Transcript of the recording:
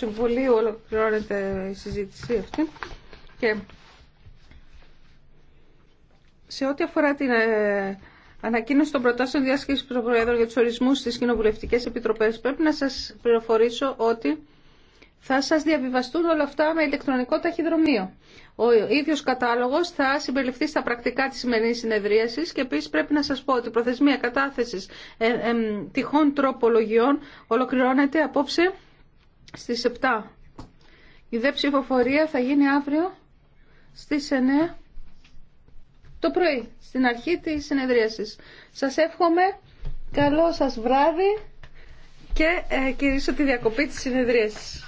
Συμβουλίου ολοκληρώνεται η συζήτηση αυτή και σε ό,τι αφορά την ε, ανακοίνωση των προτάσεων διάσκεψης του Προέδρου για τους ορισμούς στις κοινοβουλευτικές επιτροπές πρέπει να σας πληροφορήσω ότι θα σας διαβιβαστούν όλα αυτά με ηλεκτρονικό ταχυδρομείο. Ο ίδιος κατάλογος θα συμπεριληφθεί στα πρακτικά της σημερινή συνεδρίασης και επίσης πρέπει να σας πω ότι η προθεσμία κατάθεσης ε, ε, τυχών τροπολογιών ολοκληρώνεται απόψε στις 7. Η δε ψηφοφορία θα γίνει αύριο στις 9 το πρωί, στην αρχή της συνεδρίασης. Σας εύχομαι καλό σας βράδυ και ε, τη διακοπή της συνεδρίασης.